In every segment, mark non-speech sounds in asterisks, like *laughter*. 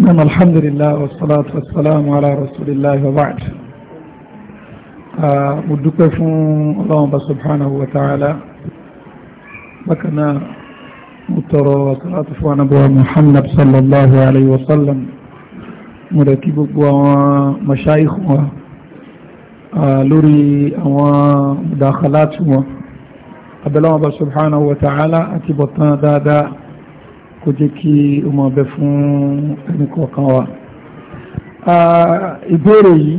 نعم الحمد لله والصلاة والسلام على رسول الله وبعد مدوكة فون الله سبحانه وتعالى بكنا مترى وصلاة فون أبو محمد صلى الله عليه وسلم مركب أبو مشايخ لوري àwọn مداخلات wọn abẹ́lọ́wọ́ bá subhanahu wa ta'ala àti kó jẹ́ kí o mọ̀ bẹ fún ẹnìkọ̀ọ̀kan wa ìbéèrè yìí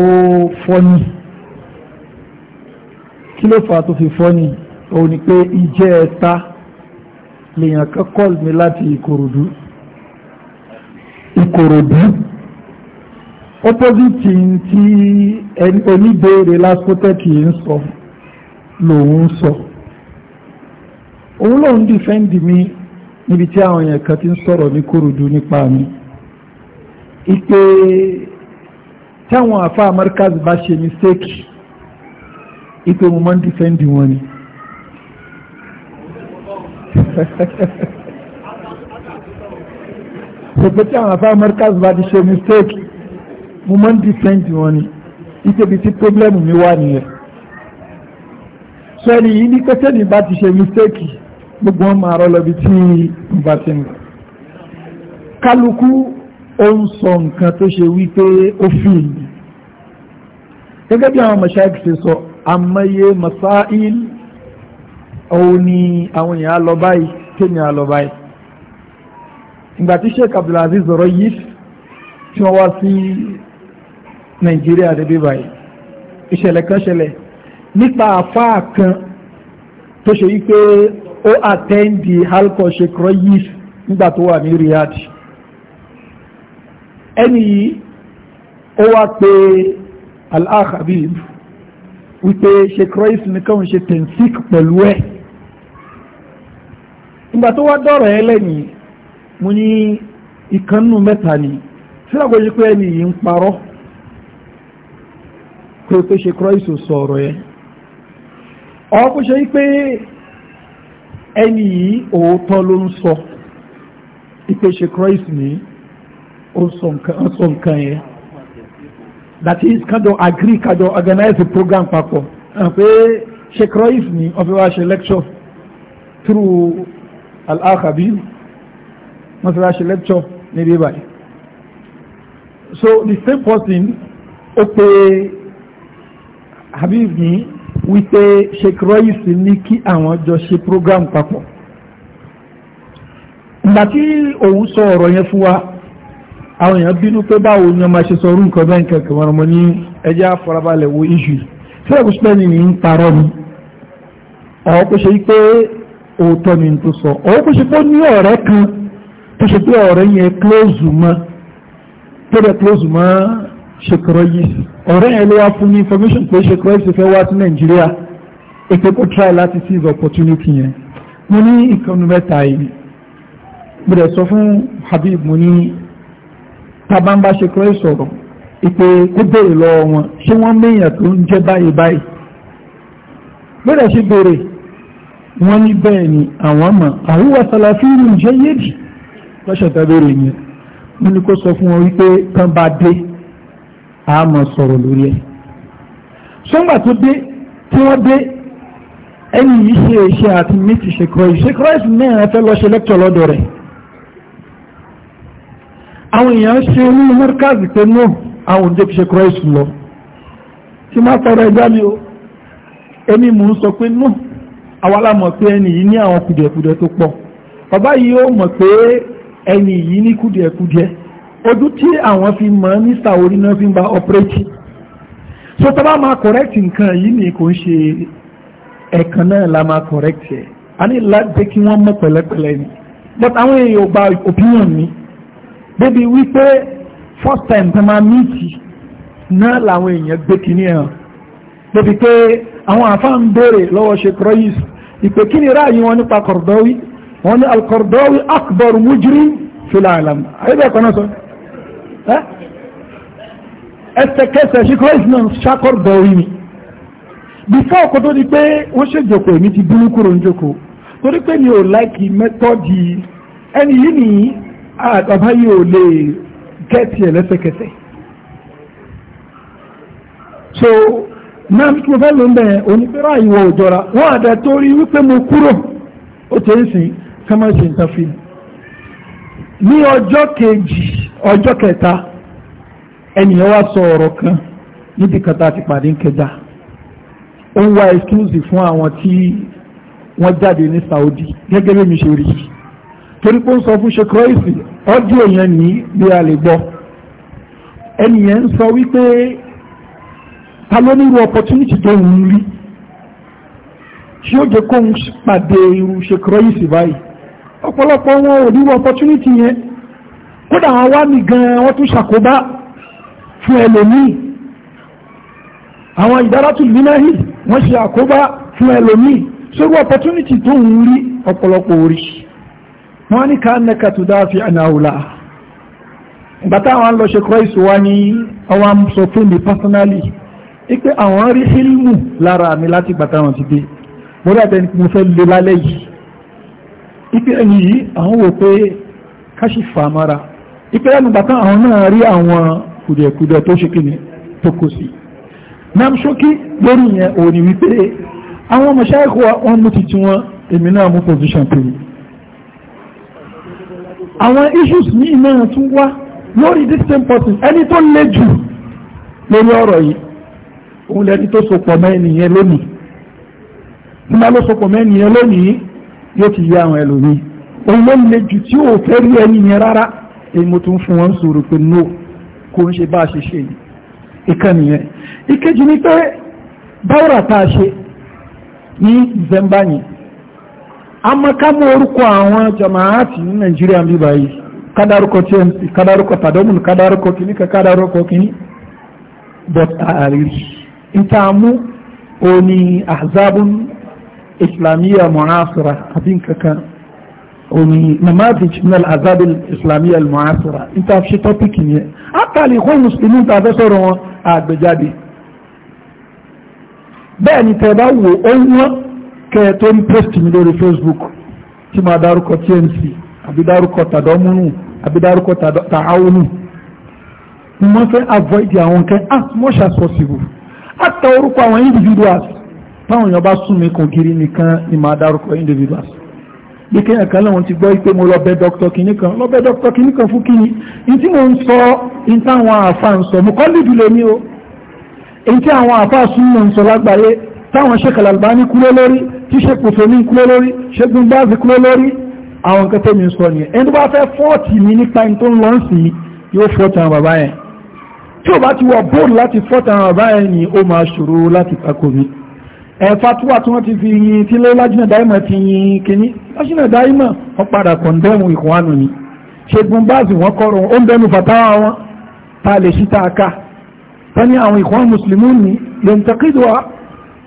ó fọ́ni kí ló fà tó fi fọ́ni ó ní pé ìjẹ́ ẹ̀ta lèyàn kan call mi láti Ìkòròdú Ìkòròdú opposite tí oníbèèrè lásìkò ń sọ lòun sọ òun lòun dìfẹ́ǹdì mi níbi tí àwọn èèyàn kan ti ń sọ̀rọ̀ ní kòròdú nípa mi ipe táwọn àfa Markaz bá ṣe mistake ipe mo máa ń defend wọn ni *laughs* pẹ̀pẹ́ tí àwọn àfa bá ti ṣe mistake mo máa ń defend wọn ni ipe bí tí problem mi wà nìyẹn sọ ẹni yìí ní pẹ́sẹ́ ní bá ti ṣe mistake gbogbo wọn máa rọ́ lọ́bi tí bá ti ń kálukú ó ń sọ nǹkan tó ṣe wípé ó fi ìlú gẹ́gẹ́ bí àwọn mọ̀ṣáìkì ṣe sọ àmọye masáìl òun ni àwọn èèyàn á lọ báyìí kéèyàn á lọ báyìí ìgbà tí Sheikh Abdulaziz ọ̀rọ̀ yìí tí wọ́n wá sí Nàìjíríà débi báyìí ìṣẹ̀lẹ̀ kan ṣẹlẹ̀ nípa àfáà kan tó ṣe wípé ó àtẹ́ǹdì halkọ̀ ṣe croyis nígbà tó wà ní Riyadh ẹni yìí ó wá pé al-akhabib wípé ṣe croyis nìkan ṣe tensik pẹ̀lú ẹ̀ nígbà tó wá dọ̀rọ̀ ẹ lẹ́yìn mo ní ìkànnù mẹ́ta ni sílẹ̀ kò ṣe pé ẹni yìí ń parọ́ pé pé ṣe croyis ò sọ ọ̀rọ̀ yẹn ọ̀pọ̀ ṣe ẹni yìí òótọ́ ló ń sọ ìpèsè Christ ní ó sọ nǹkan yẹn that is kájọ agree kájọ organize program papọ̀ pé ṣe Christ ní ọ̀fẹ́ wa ṣe lecture through al-akhabi wọ́n ti wá ṣe lecture níbi báyìí so the same person ó pe Habib ní wípé Sheikh Royce ní kí àwọn jọ ṣe program papọ̀ ìgbà tí òun sọ ọ̀rọ̀ yẹn fún wa àwọn èèyàn bínú pé báwo ni ọmọ ṣe sọ orú nǹkan bẹ́ẹ̀ nǹkan kẹwọn ọmọ ní ẹjẹ́ àfọlábalẹ̀ wo iṣu fẹ́ẹ̀kù spẹ́ni ní ń parọ́ ni ọ̀họ́ kó ṣe pé òótọ́ ni tó sọ ọ̀họ́ kó ṣe pé ní ọ̀rẹ́ kan tó ṣe pé ọ̀rẹ́ yẹn close mọ́ tó dẹ̀ close mọ́ Shekarayis ọ̀rẹ́ ẹ̀ ló wá fún ní information pé Shekarayis fẹ́ wá sí Nàìjíríà èpè kó try láti seize opportunity yẹn mo ní ìkànnì mẹ́ta yìí mo sọ fún Habib mo ní tabamba Shekarayis sọ̀rọ̀ ìpè kó béèrè lọ́wọ́ wọn ṣé wọ́n méèyàn tó ń jẹ́ báyìí báyìí bẹ́ẹ̀ ṣe béèrè wọ́n ní bẹ́ẹ̀ ni àwọn mọ̀ àríwá sàlàfíìrì jẹ́ yéèdì lọ́ṣọ̀tà béèrè yẹn mo ní kó sọ fún wọn wípé tán bá dé a mọ̀ sọ̀rọ̀ lórí ẹ̀ sọ́ngbà tó dé tí wọ́n dé ẹni yìí ṣe iṣẹ́ àti mítì ṣe kọ́ iṣẹ́ kọ́ ẹ̀sìn náà fẹ́ lọ ṣe lẹ́kítọ̀ lọ́dọ̀ rẹ̀ àwọn èèyàn ṣe ní mọ́rkáàzì pé no àwọn òjò ṣe kọ́ ẹ̀sìn lọ tí má tọrọ ẹgbá mi o èmi mò ń sọ pé no àwọn alámọ̀ pé ẹni yìí ní àwọn kùdìẹ̀kùdìẹ̀ tó pọ̀ bàbá yìí ó mọ̀ pé ẹni yìí ní kùdìẹ̀kùdìẹ̀ ojú tí àwọn fi mọ̀ nísà orí náà fi ń bá ọpẹ́rẹ́tì so tó bá máa kọ̀rẹ́tì nǹkan yìí ni kò ń ṣe ẹ̀kan náà la máa kọ̀rẹ́tì ẹ̀ a ní láti kí wọ́n mọ̀ pẹ̀lẹ́pẹ̀lẹ́ ni but àwọn èèyàn ò gba opinion mi débi wípé first time tó máa míìtì náà làwọn èèyàn gbé kínní ẹ̀ hàn débi pé àwọn àfa ń béèrè lọ́wọ́ ṣe croix ìpè kí ni ráàyè wọn nípa Kordawi wọn ní al akbar mujrim fil alam àyẹ̀bẹ̀ kan náà sọ ẹsẹ̀kẹsẹ̀ ṣíkọ́ ìsinà ṣàkọ́rọ̀dọ̀ orí mi bífọ́ ọkọ̀ tó di pé wọ́n ṣe jòkó èmi ti bínú kúrò ń jòkó torí pé mi ò láìkì mẹ́tọ́dì ẹni yìí ni àbá yìí ò lè gẹ́ẹ̀tì ẹ̀ lẹ́sẹ̀kẹsẹ̀ so náà tí mo fẹ́ ló ń bẹ̀ onífẹ́rẹ́ àyíwọ̀ òjọra wọ́n àdá torí wípé mo kúrò ó tẹ́ sìn ká má ṣe ní ọjọ́ kejì ọjọ́ kẹta ẹnìyàn wá sọ ọ̀rọ̀ kan níbi kan tá a ti pàdé kẹjà ó ń wá excuse fún àwọn tí wọ́n jáde ní Saudi gẹ́gẹ́ bí mi ṣe rí torí pé ó ń sọ fún ṣekọ́ìsì ọ́díò yẹn ní bí a lè gbọ́ ẹnìyẹn ń sọ wípé ta ló nírú opportunity tó ń rí ṣé ó jẹ́ kó ń pàdé irú ṣekọ́ìsì báyìí ọ̀pọ̀lọpọ̀ wọn ò ní opportunity yẹn kódà wọn wá mi gan wọn tún ṣàkóbá fún ẹlòmíì àwọn ìdáratu línáhì wọ́n ṣe àkóbá fún ẹlòmíì sórí opportunity tó ń rí ọ̀pọ̀lọpọ̀ orí wọ́n ní ká nẹ́ka tó dáàfi ànáwùlá bàtà àwọn lọ ṣe kọ́ ìṣòwá ní ọwá sọ fún mi personally ipe àwọn rí hílmù lára mi láti gbàtà wọn ti dé mo rí àtẹni mo fẹ́ lè lálẹ́ yìí ipe ẹni yìí àwọn wò pé káṣì fàmára ipe ẹnu bàtà àwọn náà rí àwọn kùdẹ̀kùdẹ̀ tó ṣe kíni tó kò sí náà ṣókí lórí yẹn ò ní wípé àwọn ọmọ ṣáìkò wọn mú ti tiwọn èmi náà mú position pẹ̀lú àwọn issues ní iná tún wá lórí this same person ẹni tó le jù lórí ọ̀rọ̀ yìí òun lẹni tó sopọ̀ mọ́ ẹnìyẹn lónìí tí ló sopọ̀ mọ́ ẹnìyẹn lónìí yóò ti yá àwọn ẹlòmíì òun ló le jù tí ò fẹ́ rí ẹni yẹn rárá èyí mo tún fún wọn sọ̀rọ̀ pé no kò ń ṣe bá a ṣe ṣe yìí ìkànnì yẹn ìkejì ni pé báwòrà tá a ṣe ní December yìí amakámú orúkọ àwọn jamaati ní Nàìjíríà bí báyìí kádárúkọ tmc kádárúkọ tàdọ́mùn kádárúkọ kìíní kádárúkọ kìíní but àárí ìtààmú òní ahzabun islamiyya mu'asira àti nkankan omi namadic minal azab islamiyya mu'asira níta fi ṣe tọ́pìkì yẹn àtàlì ìkọ́ mùsùlùmí ta fẹ́ sọ̀rọ̀ wọn àgbẹ̀jáde bẹ́ẹ̀ ni tẹ́ bá wo ohun kẹ́ tó ń post mi lórí facebook tí máa dárúkọ tnc àbí dárúkọ tàdọ́múnú àbí dárúkọ tàáwónú mo fẹ́ avoid àwọn kẹ́ as much as possible àtà orúkọ àwọn individuals táwọn èèyàn bá sún mi kò giri nìkan ni máa dárúkọ individuals bí kéèyàn kan lóun ti gbọ́ pé mo lọ bẹ̀ dr kìnní kan lọ bẹ̀ dr kìnní kan fún kìnní ní tí mo ń sọ ní táwọn àfa ń sọ mo kọ́ lè dùn lèmi o èyí tí àwọn àfa súnmọ̀ ń sọ lágbàáyé táwọn Sheikh Al-Albani kúrò lórí tí Sheikh Uthaymeen kúrò lórí Sheikh Bin Baz kúrò lórí àwọn nǹkan tẹ́mi ń sọ nìyẹn ẹni tó bá fẹ́ fọ́ọ̀tì mi nípa ẹni tó ń lọ sí yóò fọ́ọ̀tì àwọn bàbá yẹn tí ò bá ti wọ bóòlù láti fọ́ọ̀tì àwọn bàbá yẹn ni ó máa ṣòro láti tako mi fatuwa tí wọ́n ti fi yin tí lé lájínà dáìmọ̀ ti yin kìíní lájínà dáìmọ̀ wọ́n padà kọ̀ndẹ́mù ìkùnwánu ni ṣègùn báàzì wọ́n kọ́rọ̀ ó ń bẹnu fatawa wọn ta lè ṣí ta aka tani àwọn ìkùnwán mùsùlùmí ni lè ń takídùá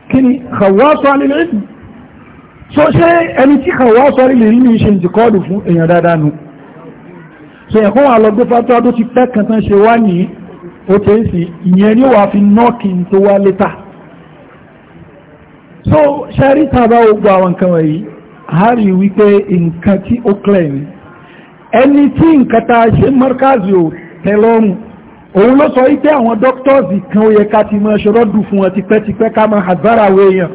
kìíní kàwáṣọ alẹ́lẹ́ ìlú so ṣé ẹni tí kàwáṣọ alẹ́lẹ́ ìlú ni ṣe ń jìkọ́ọ̀dù fún èèyàn dáadáa nu so yẹn kó wà lọ gbé fatuwa tó ti pẹ́ kan tán ṣe wá nìyí ó tẹ́ sí ìyẹn ni ó fi nọ́ọ̀kì tó wá létà so ṣẹ́rí tàbá ogbò àwọn nǹkan wọ̀nyí a rí wípé nǹkan tí ó clear ni ẹni tí nǹkan ta ṣe mọ́rkázì ò tẹ́lọ́rùn òun ló sọ wípé àwọn dọ́kítọ́sì kan ó yẹ ká ti mọ́ ṣọ́rọ́dù fún wọn tipẹ́tipẹ́ ká mọ́ àgbára àwọn èèyàn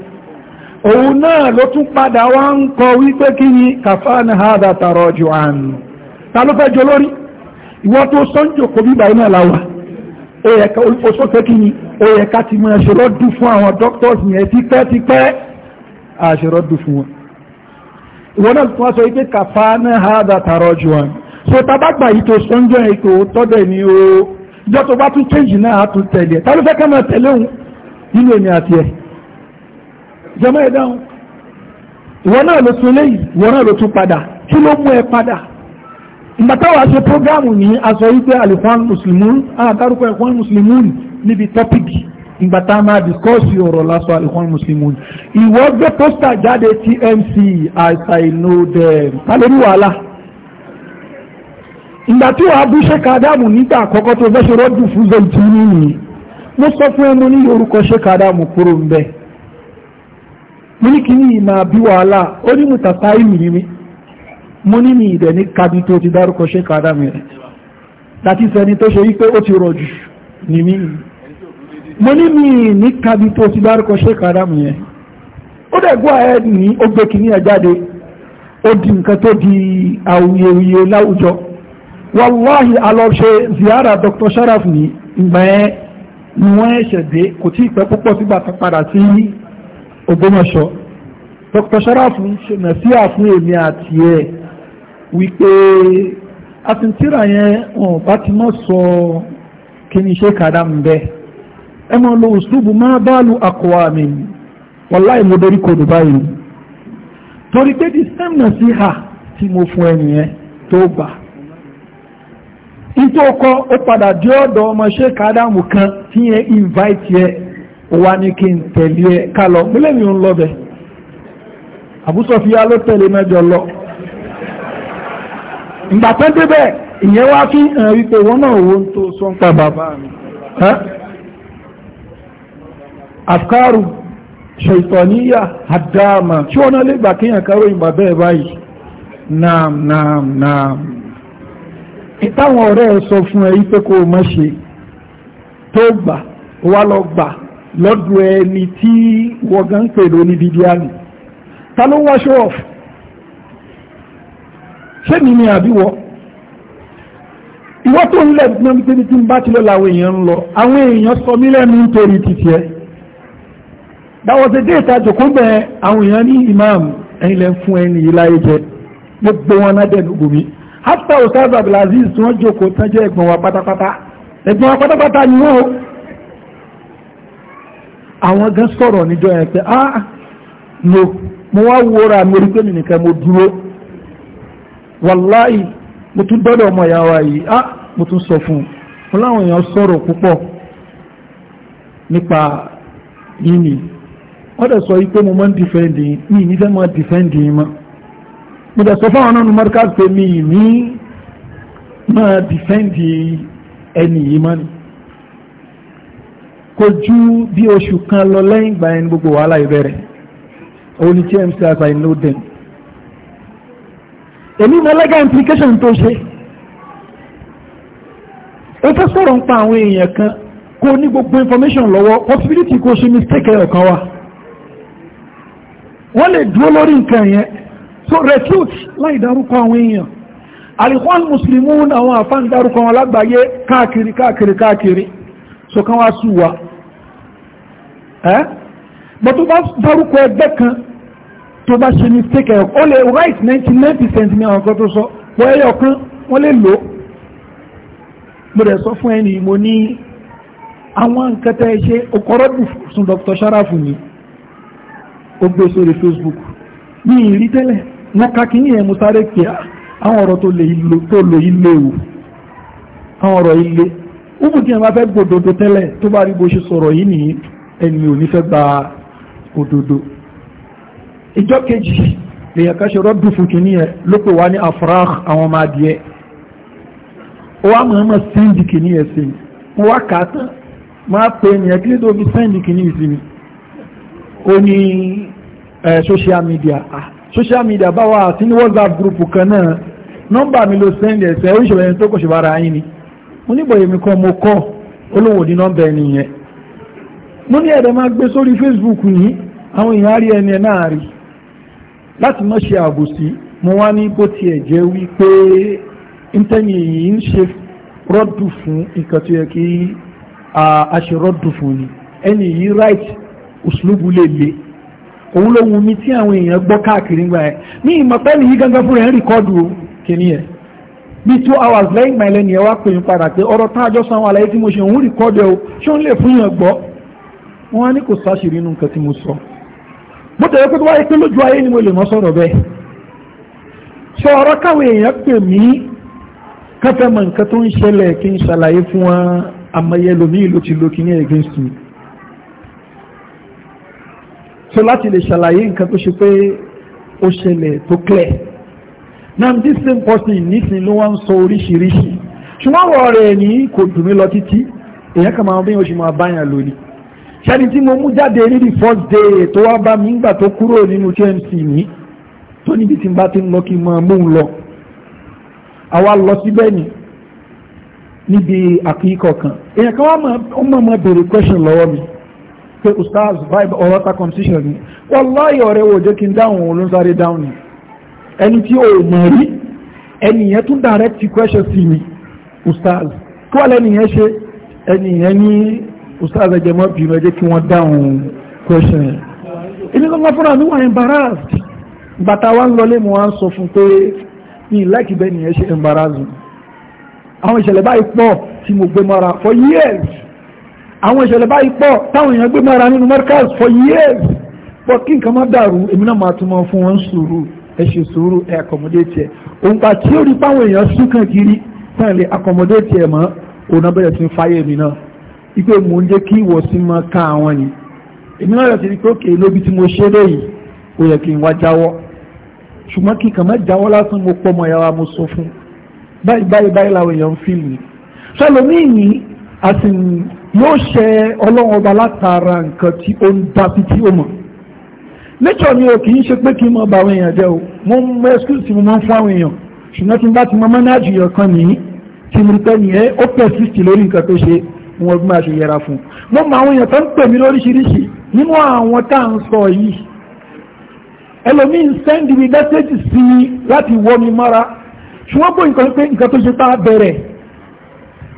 òun náà ló tún padà wá ń kọ wípé kí ni kàfáàní hádà tààrọ̀ jù àánú ta ló fẹ́ jọ lórí ìwọ́n tó sọ́njò kò bíbà iná làwà ó yẹ ká oṣù kí ni ó yẹ ká ti máa ṣèrọ́dù fún àwọn doctors yẹn tipẹ́ tipẹ́ àṣèrọ́dù fún wọn ìwọ náà tún wá sọ wípé kàfá náà ha dà tààrọ jù wọn so tabagba yìí tó sọ́njọ́ yìí tó tọ́dẹ̀ ni o ìjọ tó bá tún change náà á tún tẹ̀lé tàbí fẹ́ ká máa tẹ̀lé òun nínú èmi àti ẹ̀ jọmọ́ ẹ̀ dáhùn náà ló tún léyìí ìwọ náà ló tún padà kí ló mú ẹ padà ìgbàtàwà ṣe prógámù ní aṣọ wípé alifan muslimun àdárúkọ ẹ̀kọ́ muslimun níbi tọ́pìkì ìgbàtà máa discourse ọ̀rọ̀ lásọ alifan muslimun ìwọ gbé pósítà jáde TMC as know them tàlórí wàhálà ìgbà tí wàá bú ṣe kàdámù nígbà àkọ́kọ́ tó fẹ́ ṣe rọ́dù fún zoltí nìyí mo sọ fún ẹmu ní orúkọ ṣe mo ní mi ìdẹ̀ ní kabi tó ti dárúkọ ṣe kàdá mi rẹ̀ láti sẹni tó ṣe wípé ó ti rọ̀ jù ní mi mo ní mi ní kabi tó ti dárúkọ ṣe kàdá mi rẹ̀ ó dẹ̀gbọ́ ẹ̀ ní ó gbé kìíní ẹ̀ jáde ó di nǹkan tó di awuyewuye láwùjọ wàláhì alọ́ṣe ziyara Dr. Sharaf ní ìgbà ẹ̀ ni wọ́n ẹ̀ṣẹ̀ dé kò tí ìpẹ́ púpọ̀ sígbà tó padà sí Ògbómọ̀ṣọ́ Dr. Sharaf ń ṣe nàṣíà fún èmi àti ẹ̀ wípé asìntìrà yẹn wọn bá ti mọ́ sọ kí ṣe kàdá ń bẹ ẹ lo uslubu ma balu aqwamin wallahi mo dorí kodò báyìí torí pé di same tí mo fún tó gbà nítorí ọkọ ó padà dé ọ̀dọ̀ ọmọ ṣe kàdá mù kan tí yẹn invite yẹ wá ní kí n tẹ̀lé ẹ kálọ̀ mílẹ̀ mi ò ń lọ ló tẹ̀lé mẹ́jọ lọ. ìgbà tó débẹ̀ ìyẹn wá fi hàn wípé wọn náà wo tó sọ ń pa bàbá mi afkaru ṣètọ́níyà àdáàmà tí wọ́n náà lè gbà kíyàn káró ìgbà bẹ́ẹ̀ báyìí naam naam naam ìtàwọn ọ̀rẹ́ ẹ̀ sọ fún ẹ wípé kó o má ṣe tó gbà wá lọ gbà lọ́dọ̀ ẹni tí wọ́n gan pèrò níbi díà ta ló wá ṣọ́ọ̀fù sẹ́mi ni àbíwọ́ ìwọ́ tó ń lẹ̀ ní ibi tí ń bá ti lọ làwọn èèyàn ń lọ àwọn èèyàn sọ mí lẹ́nu nítorí títí ẹ dáwọ́sẹ̀ dé ìtajà kó bẹ àwọn èèyàn ní imam ẹ̀yìn lẹ́ fún ẹni yìí láyé jẹ gbogbo wọn náà dẹ̀nu gòmí hafta osaz abdulaziz tí wọ́n jókòó tán jẹ́ wa pátápátá ẹ̀gbọ́n wa pátápátá ni wọ́n o àwọn gan sọ̀rọ̀ níjọ́ ah no mo wá wúra mi rí pé wàláì mo tún dọ́dọ̀ ọmọ ìyá wa yìí ah mo tún sọ fún un láwọn èèyàn sọ̀rọ̀ púpọ̀ nípa yìí wọ́n dẹ̀ sọ yìí pé mo máa ń dìfẹ́ǹdì yìí ní fẹ́ máa dìfẹ́ǹdì yìí mo dẹ̀ sọ fáwọn náà numarikasi pé ní ni kò ju bí oṣù kan lọ lẹ́yìn ìgbà yẹn gbogbo wàhálà ìbẹ̀rẹ̀ òun ni tmc as i know them èmi mọ lẹ́gà implication tó ṣe ó fẹ́ sọ̀rọ̀ ń pa àwọn èèyàn kan kó ní gbogbo information lọ́wọ́ possibility kó ṣe mistake ẹ̀yọ̀ kan wà wọ́n lè dúró lórí nǹkan yẹn so refute láì dárúkọ àwọn èèyàn àlìkọ́n mùsùlùmí àwọn àfáàn dárúkọ wọn lágbàáyé káàkiri káàkiri káàkiri so kan wá sùn wa ẹ́ bọ́tú bá dárúkọ ẹgbẹ́ kan tó bá ṣe mistake ẹ̀ ó lè right ninety nine percent ní àwọn kan tó sọ pọ̀ ẹyọ kan wọ́n lè lò ó mo rẹ̀ sọ fún ẹni mo ní àwọn nǹkan tẹ́ ẹ ṣe okọ̀rọ̀ bù fún Dr. Sharafu ni ó gbé sórí Facebook ní ìrí tẹ́lẹ̀ wọ́n ká kí ní ẹ̀ mo sáré pé ah, àwọn ọ̀rọ̀ tó lò ilé o àwọn ọ̀rọ̀ ilé ó mú kí ẹ máa fẹ́ gbòdodo tẹ́lẹ̀ tó bá rí bó ṣe sọ̀rọ̀ yìí nìyí ẹni ò ní fẹ́ gba òdodo ìjọ kejì lèyàn kan ṣe rọ́dù fùkì ní ẹ̀ ló pè wá ní afrah àwọn ọmọ adìẹ ó wá mọ̀ mọ̀ sẹ́ndì kìíní ẹ̀ sí mo wá kà á tán máa pè ní ẹ̀ kílódé omi sẹ́ndì kìíní ìsinmi ó ní social media ah social media bá wà sí ní whatsapp group kan náà nọ́mbà mi ló sẹ́ndì ẹ̀sẹ̀ oríṣiríṣi ẹni tó kò ṣe bára yín ni mo níbọ̀ èmi kan mo kọ́ olówó ní nọ́mbà ẹni yẹn mo ní ẹ̀rẹ̀ máa gbé sórí facebook yìí àwọn èèyàn á rí ẹni ẹ̀ náà rí i láti má ṣe àbòsí mo wá ní bó tiẹ̀ jẹ́ wípé ntẹ́yìn yìí ń ṣe rọ́dù fún nǹkan tó yẹ kí a ṣe rọ́dù fún ni ẹni yìí right òṣùlùbù lè le òun ló wù mí tí àwọn èèyàn gbọ́ káàkiri ń gbà ẹ́ ní ìmọ̀pẹ́ nìyí gangan fúnra ẹ̀ ń rìkọ́dù kìíní ẹ̀ bí two hours lẹ́yìn ìgbà ẹlẹ́ni ẹ̀ wá pè ń padà pé ọ̀rọ̀ tá a jọ sanwó àlàyé tí mo ṣe òun rìkọ́dù ẹ̀ o ṣé òun lè fún yàn gbọ́ wọn á ní kò sáṣìírí nù nǹkan tí mo sọ bó tẹ̀lé pé tó wáyé pé lójú ayé ni mo lè mọ́ sọ̀rọ̀ bẹ́ẹ̀ sọ ọ̀rọ̀ káwọn èèyàn pè mí káfẹ́ mọ̀ nǹkan tó ń ṣẹlẹ̀ kí n ṣàlàyé fún wọn àmọye lòmíì ló ti lo kí against me so láti lè ṣàlàyé nǹkan tó ṣe pé ó ṣẹlẹ̀ tó clear náà this same person nísìn ló wá ń sọ oríṣiríṣi ṣùgbọ́n ọ̀rọ̀ rẹ̀ ní kò dùn mí lọ títí èèyàn kan máa bí oṣù máa báyàn lónìí ṣẹ́ni tí mo mú jáde rírì first day tó wá bá mi ńgbà tó kúrò nínú TMC mi tó níbi tí n bá ti ń lọ kí n máa mú un lọ àwa lọ síbẹ̀ ni níbi àkíkọ̀ kan èèyàn kan wá mọ̀ mọ̀ béèrè question lọ́wọ́ mi pé ustaz vibe ọ̀rọ̀ circumcision ni wallahi ọ̀rẹ́ wò jẹ́ kí n dáhùn òun ló ń sáré dáhùn ni ẹni tí ò mọ̀ rí ẹni yẹn tún direct question sí mi ustaz kí wàá lẹ́ni yẹn ṣe ẹni yẹn ní ustaz ẹjẹ mọ́ bí ẹjẹ́ kí wọ́n dáhùn question yẹn ilé lọ́lá fúnra mi wà embarrassed bàtà wa ń lọlé mo wá ń sọ fún pé mi láìkí bẹ́ẹ̀ nìyẹn ṣe embarrassing àwọn ìṣẹ̀lẹ̀ báyìí pọ̀ tí mo gbé mọ́ra for years àwọn ìṣẹ̀lẹ̀ báyìí pọ̀ táwọn èèyàn gbé mọ́ra nínú Markaz for years pọ̀ kí nǹkan má dàrú èmi náà máa tún mọ́ fún wọn sùúrù ẹ ṣe sùúrù ẹ accommodate ẹ òǹkà tí ó rí páwọn èèyàn sún kàn kiri táwọn lè accommodate ẹ mọ́ òun náà bẹ̀rẹ̀ sí fáyé mi náà ipe mò ń jẹ́ kí ìwọ̀sí máa ká àwọn ni èmi náà yọ̀ sí ní pé òkè lóbi tí mo ṣe lé yìí ó yẹ kí n wá jáwọ́ ṣùgbọ́n kí kàn má jáwọ́ lásán mo pọ́ ọmọ ìyá mo sọ fún báyìí báyìí báyìí làwọn èèyàn fíìl ni sọlọmíì ni àsìn yóò ṣe ọlọ́run ọba látara nǹkan tí ó ń dá sí tí ó mọ̀ nature ni o kì í ṣe pé kí n mọ bá èèyàn jẹ o mo ń mọ excuse tí mo máa ń fún àwọn èèyàn ṣùgbọ́n tí n bá ti mọ mọ́nájì yọ̀ nìyí tí mo rí pẹ́ nìyẹn ó persist lórí nǹkan tó ṣe é wọn bí máa ṣe yẹra fún mo mọ àwọn èèyàn tó ń pè mí lóríṣiríṣi nínú àwọn tá à ń sọ yìí ẹlòmíín sẹ́ndì mi mẹ́sẹ́jì sí i láti wọ́ mi mọ́ra ṣùgbọ́n bó nǹkan pé nǹkan tó ṣe tá a bẹ̀rẹ̀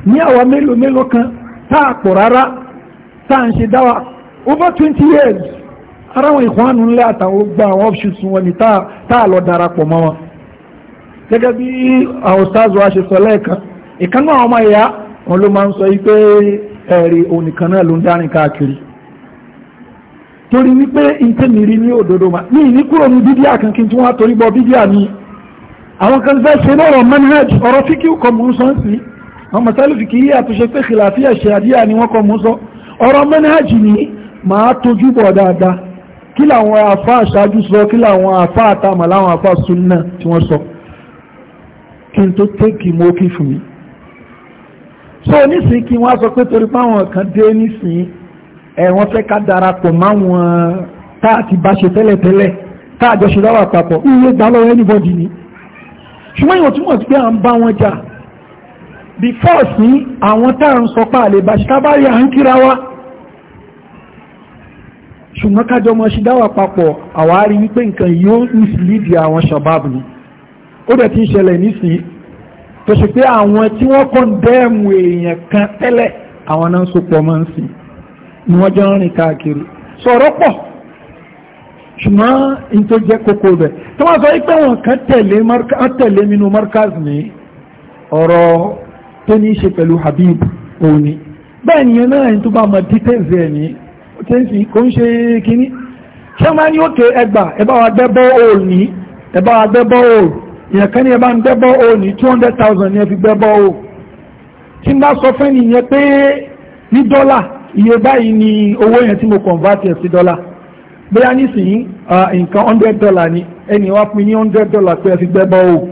ní àwa mélòó mélòó kan tá pọ̀ rárá tá ń ṣe dáwà over twenty years ara àwọn ìkọ́nù ńlẹ̀ àtàwọn gba àwọn options wọn ni tá a lọ darapọ̀ mọ́ wọn gẹ́gẹ́ bí àwọn stars sọ lẹ́ẹ̀kan ìkànnà ọmọ ìyá wọn ló máa ń sọ wípé ẹ̀rí onìkan náà ló ń dárin káàkiri torí wípé ìtẹ́mìrí ní òdodo ma ní ìníkúrò ní bídíà kan tí wọ́n torí bọ bídíà ni àwọn kan fẹ́ ṣe lọ́rọ̀ manhaj ọ̀rọ̀ tí kí ó kọ mú sọ sí àwọn masalufi kì í àtúnṣe pé kìláfíà ṣe àdíyà ni wọ́n kọ mú sọ ọ̀rọ̀ manhaj ni máa tójú bọ̀ dáadáa kí làwọn afá aṣáájú sọ kí làwọn afá àtàmà láwọn afá sunna tí wọ́n sọ kí n tó tẹ́kì mọ́ kí fún mi so nísìnyí kí wọ́n sọ pé torí fáwọn kan dé nísìnyí ẹ̀ wọ́n fẹ́ ká darapọ̀ máwọn tá a ti bá ṣe tẹ́lẹ̀tẹ́lẹ̀ tá jọ ṣe dáwà papọ̀ iye gbà lọ́wọ́ anybody ni ṣùgbọ́n ìwọ̀n túmọ̀ sí pé à ń bá wọn jà before sí àwọn tá à ń sọ pa àlè bàṣẹ kábàárì à ń kíra wa ṣùgbọ́n kájọ mọ̀ ṣe dáwà papọ̀ àwárí wípé nǹkan yóò mislead àwọn shabab ni ó dẹ̀ ti ń ṣẹlẹ̀ nísìnyí tó ṣe pé àwọn tí wọ́n kọ́ ń èèyàn kan tẹ́lẹ̀ àwọn náà ń sopọ̀ máa ń sìn ni wọ́n jọ ń rìn káàkiri sọ̀rọ̀ pọ̀ ṣùgbọ́n in tó jẹ́ kókó bẹ̀ tó máa sọ pé wọn kan tẹ̀lé nínú markaz ní ọ̀rọ̀ tó ní ṣe pẹ̀lú Habib òní bẹ́ẹ̀ nìyẹn náà tó bá mọ details ẹ̀ ní tó ń sìn kò ń ṣe kíní ṣé máa ní òkè ẹgbà ẹ wa gbẹ́ bọ́ òòlù ní wa gbẹ́ bọ́ òòlù ìyẹn kan ní ẹbá ń dẹ́bọ́ o ní 200,000 ní ẹ fi gbẹ́bọ́ o tí ń bá sọ fẹ́ nìyẹn pé ní dọ́là iye báyìí ni owó yẹn tí mo convert ẹ̀ sí dọ́là bóyá nísìnyí nǹkan 100 dollar ni ẹni wá pín ní 100 dollar pé ẹ fi gbẹ́bọ́ o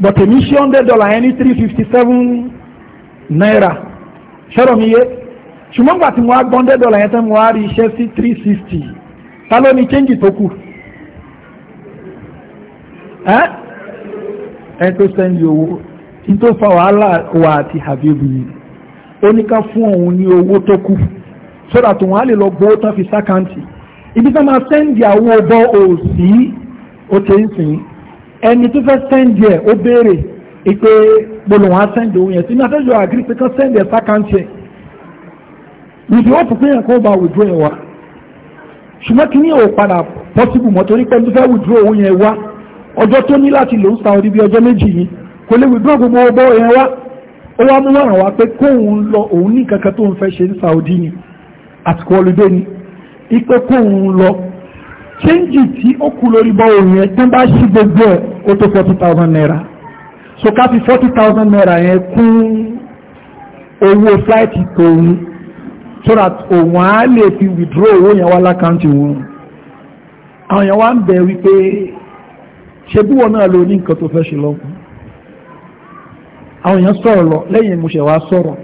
but èmi ṣe 100 dollar yẹn ní 357 náírà ṣọ́rọ̀ mi yé ṣùgbọ́n gbà tí mo wá gbọ́ 100 dollar yẹn tán mo wá rí iṣẹ́ sí 360 ta ló ní change tó kù ẹ́ tó sẹ́ndì owó tí tó fa wàhálà wà àti Habibu yìí ó ní ká fún òun ní owó tó kù sódà tó wọ́n á lè lọ gbowó tán fi sákàǹtì ibi tó máa sẹ́ndì àwọn ọbọ̀ òsì ó ti ń sìn ẹni tó fẹ́ sẹ́ndì ẹ̀ ó béèrè ìpè gbọ́dọ̀ wọn á sẹ́ndì owó yẹn sí ní afẹ́jọ́ àgírí pé kán sẹ́ndì ẹ̀ sákàǹtì ẹ̀ ìdí ó pùpẹ́ yẹn kó bá wùdúró yẹn wá ṣùgbọ́n kí ní ò padà pọ́sibù mọ́ torí pé tó fẹ́ wùdúró owó yẹn wá ọjọ́ tó ní láti lò ń sa orí bí ọjọ́ méjì yìí kò lè withdraw gbogbo ọgbọ́ yẹn wá ó wá mú wàrà wá pé lọ òun ní kankan tó ń fẹ́ ṣe ní Saudi ni àsìkò ọlùdé ni ipe lọ chẹ́ńjì tí ó kú lórí bọ́ òun yẹn tó bá ṣí gbogbo ẹ̀ ó tó forty thousand so fi forty thousand yẹn kún owó fúláìtì tòun so that òun á lè fi withdraw owó yẹn wá lákàntì àwọn yẹn wá ń wípé ṣe bí wọn náà lo ní nǹkan tó fẹ́ ṣe lọ́kùn àwọn èèyàn sọ̀rọ̀ lọ lẹ́yìn mo ṣẹ̀ wá sọ̀rọ̀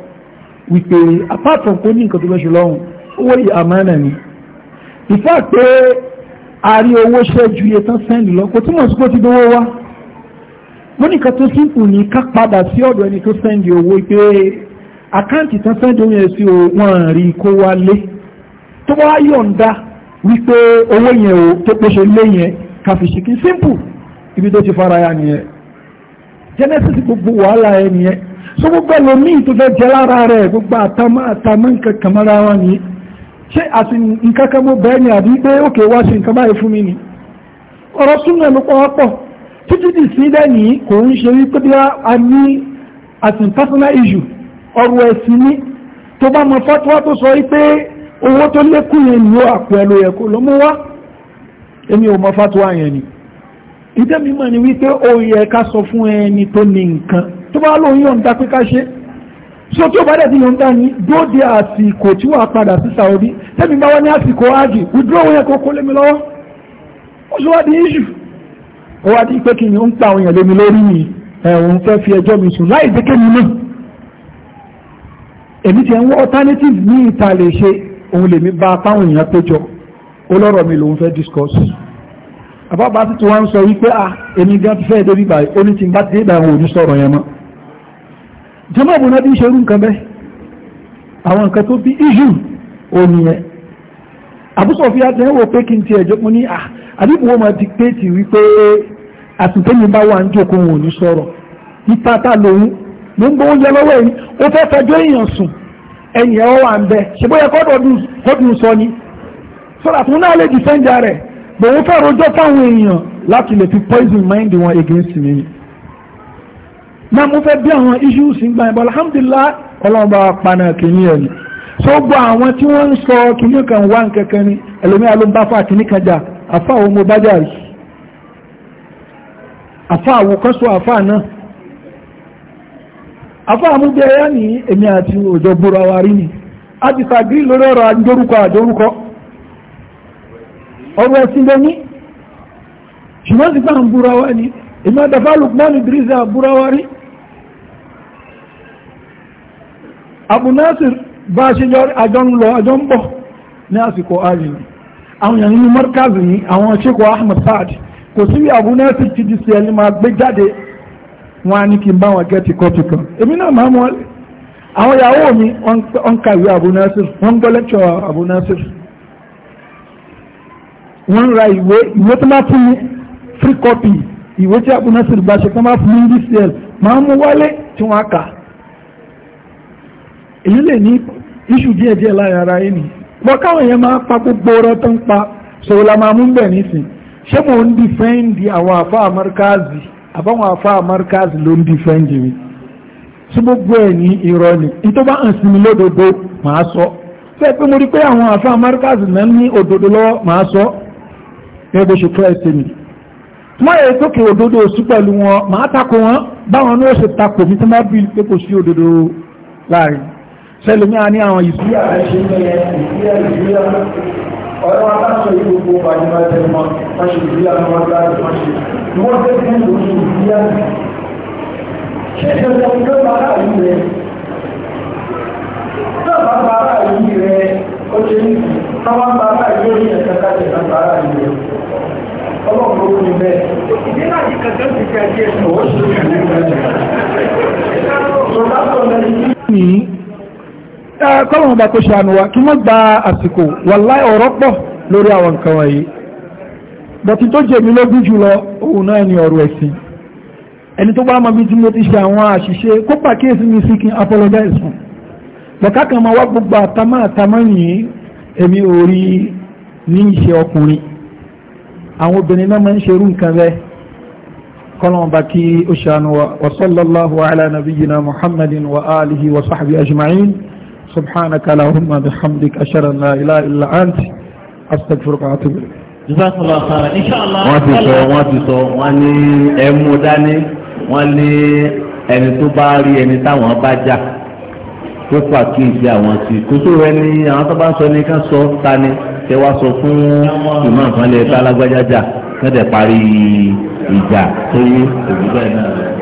wípé apart from kó ní nǹkan tó fẹ́ ṣe lọ́hùn owó yìí àmánà ni ìfẹ́ pé a rí owó ṣẹ́ ju iye tán sẹ́ńdì lọ kò túmọ̀ sí kó ti dówó wá mo ní nǹkan tó simple ní ká padà sí ọ̀dọ̀ ẹni tó sẹ́ńdì owó pé àkáǹtì tán sẹ́ńdì owó yẹn sí o wọ́n rí kó wá tó wá yọ̀ǹda wípé owó yẹn o tó pèsè lé yẹn kàfìṣìkì simple ibi tó ti fara ya nìyẹn genesis gbogbo wàhálà ẹ nìyẹn so gbogbo ẹlòmíì tó fẹ́ jẹ lára rẹ̀ gbogbo àtàmọ́ àtàmọ́ nǹkan kan mọ́ra wọn nìyí ṣé àti nǹkan kan mọ́ bẹ́ẹ̀ ni àbí pé òkè wá ṣe nǹkan báyìí fún mi ni ọ̀rọ̀ súnmọ́ ló pọ̀ pọ̀ títí di sí lẹ́yìn kò ń ṣe wípé bí a ní àti personal issue ọ̀rọ̀ ẹ̀sìn ní tó bá mọ fatuwa tó sọ wípé owó tó lékún yẹn ni ó àpò ẹ̀ yẹ kó lọ wá èmi ò mọ fatuwa yẹn ni ìdẹ́ mi mọ̀ ni wípé ó yẹ ká sọ fún ẹni tó ní nǹkan tó bá lóun yọ̀ǹda pé ká ṣe so tí ó bá dẹ̀ yọ̀ǹda ni dóde àsìkò tí wàá padà sí Saudi tẹ́mi bá wá ní àsìkò áàgì withdraw yẹn kó kó lémi lọ́wọ́ ó ṣe wá di issue ó wá di pé kí ni ó ń pa àwọn èèyàn lémi lórí mi ẹ̀wọ̀n fẹ́ fi ẹjọ́ mi sùn láì dékè mi náà èmi ti ń wọ́n alternative ní ìta lè ṣe òun lèmi bá apáwọn èèyàn péjọ ó lọ́rọ̀ mi lòun fẹ́ discuss. àbábá sì ti yi ń sọ wípé à ah, èmi gan fẹ́ débi báyìí ó ní ti bá ti dé àwọn sọ̀rọ̀ yẹn mọ́ jẹ́mọ̀ bùnà bí ṣe nǹkan bẹ́ àwọn nǹkan tó bí iṣu òní yẹn àbúsọ̀ fi àti ẹ̀wọ̀ pé kí n ti ẹ̀jọ́ ní à ah, àdìbò wọn ti pé ti wípé àtìtẹ́yìn bá wà ń jókòó wọn sọ̀rọ̀ lòun ló ń bòun fẹ́ rojọ́ fáwọn èèyàn láti lè fi poison mind wọn against mi náà mo fẹ́ bí àwọn issues ń gbà yẹn bọ́ alhamdulillah ọlọ́run bá paná kìíní ẹ̀ ni so gbọ́ àwọn tí wọ́n ń sọ kìíní kan wá ni ẹlòmíà ló ń bá kan jà àfa àwọn ọmọ bá jà rí àfa àwọn kan sọ àfa náà àfa èmi àti òjò ọ̀rọ̀ ẹ̀sìn lóní ṣùgbọ́n ti gbáhùn búra wá ní ìmọ̀ àdàfà lukman idrisa búra wá rí abu nasir bá ṣe àjọ ń lọ àjọ ń bọ̀ ní àsìkò ààrin àwọn èèyàn nínú mọ́rkázì ní àwọn ṣekọ ahmed saad kò sí abu nasir ti di sẹ́ẹ̀lì máa gbé jáde wọn á kí n bá wọn gẹ́ẹ̀tì kọ́tù kan èmi náà máa mọ́ àwọn ìyàwó mi wọ́n kàwé abu nasir wọ́n gbọ́ lẹ́kṣọ̀ abu nasir wọ́n ra ìwé ìwé tó máa fún mi free copy ìwé tí Abu Nasir Bashi tó máa fún ní dcl máa mú wálé tí wọ́n kà èyí lè ní iṣu díẹ̀ díẹ̀ láàrin ara ẹni káwọn yẹn máa pa gbogbo ọ̀rọ̀ tó ń pa la máa mú nísìn ṣé ni ìtọ́ hàn sí mi lódodo màá sọ fẹ́ẹ́ pé mo rí pé àwọn náà ní òdodo lọ́wọ́ sọ gẹ́gẹ́ bó ṣe kílẹ̀ sí mi wọ́n yẹ tókè òdodo òsú pẹ̀lú wọn màá takò wọn báwọn ní ó ṣe takò mi tó má bí pé kò sí òdodo láàrin sẹ́lùmí a ní àwọn ìsú Ọ̀rọ̀ aláṣọ yìí gbogbo bàjúmọ̀ ẹ̀tẹ̀mọ̀ fáṣe ìdílé àwọn ọmọdé láti fáṣe. Ìwọ́n tẹ́ fún ìlú rẹ̀? Tọ́bà bàrá yìí rẹ̀, ó ṣe ń tọ́wọ́ rẹ̀ ọlọ́run ló bẹ́ẹ̀. ìdílé ti fi ẹ̀sìn ṣe ní ọba kó ṣàánú wa kí wọ́n gba àsìkò wàláì ọ̀rọ̀ pọ̀ lórí àwọn nǹkan wọ̀nyí bọ̀tí tó jẹ́ mi jùlọ òun náà ni ọ̀rọ̀ ẹ̀sìn ẹni tó bá mọ bí tí mo ti ṣe àwọn àṣìṣe kó kí n àwọn obìnrin náà máa ń ṣerú nǹkan rẹ̀ kọ́lọ̀n bá kí ó ṣàánú wa sallallahu ala nabiyyina muhammadin wa alihi wa sahbihi ajma'in subhanaka allahumma bihamdika ashhadu an la ilaha illa anta astaghfiruka wa atubu ilayk jazakallah khairan inshallah wọ́n ti sọ wọ́n ti sọ wọ́n ní ẹmú dání wọ́n ní ẹni tó bá rí ẹni táwọn bá jà tó fà àwọn sí kò sóò ẹni àwọn tó bá sọ ní ká sọ ta ni tẹ wá sọ fún ìmọ̀ nǹkan lè bá alágbájá jà kẹ́tẹ̀ parí ìjà tó yé òbí bẹ́ẹ̀ náà.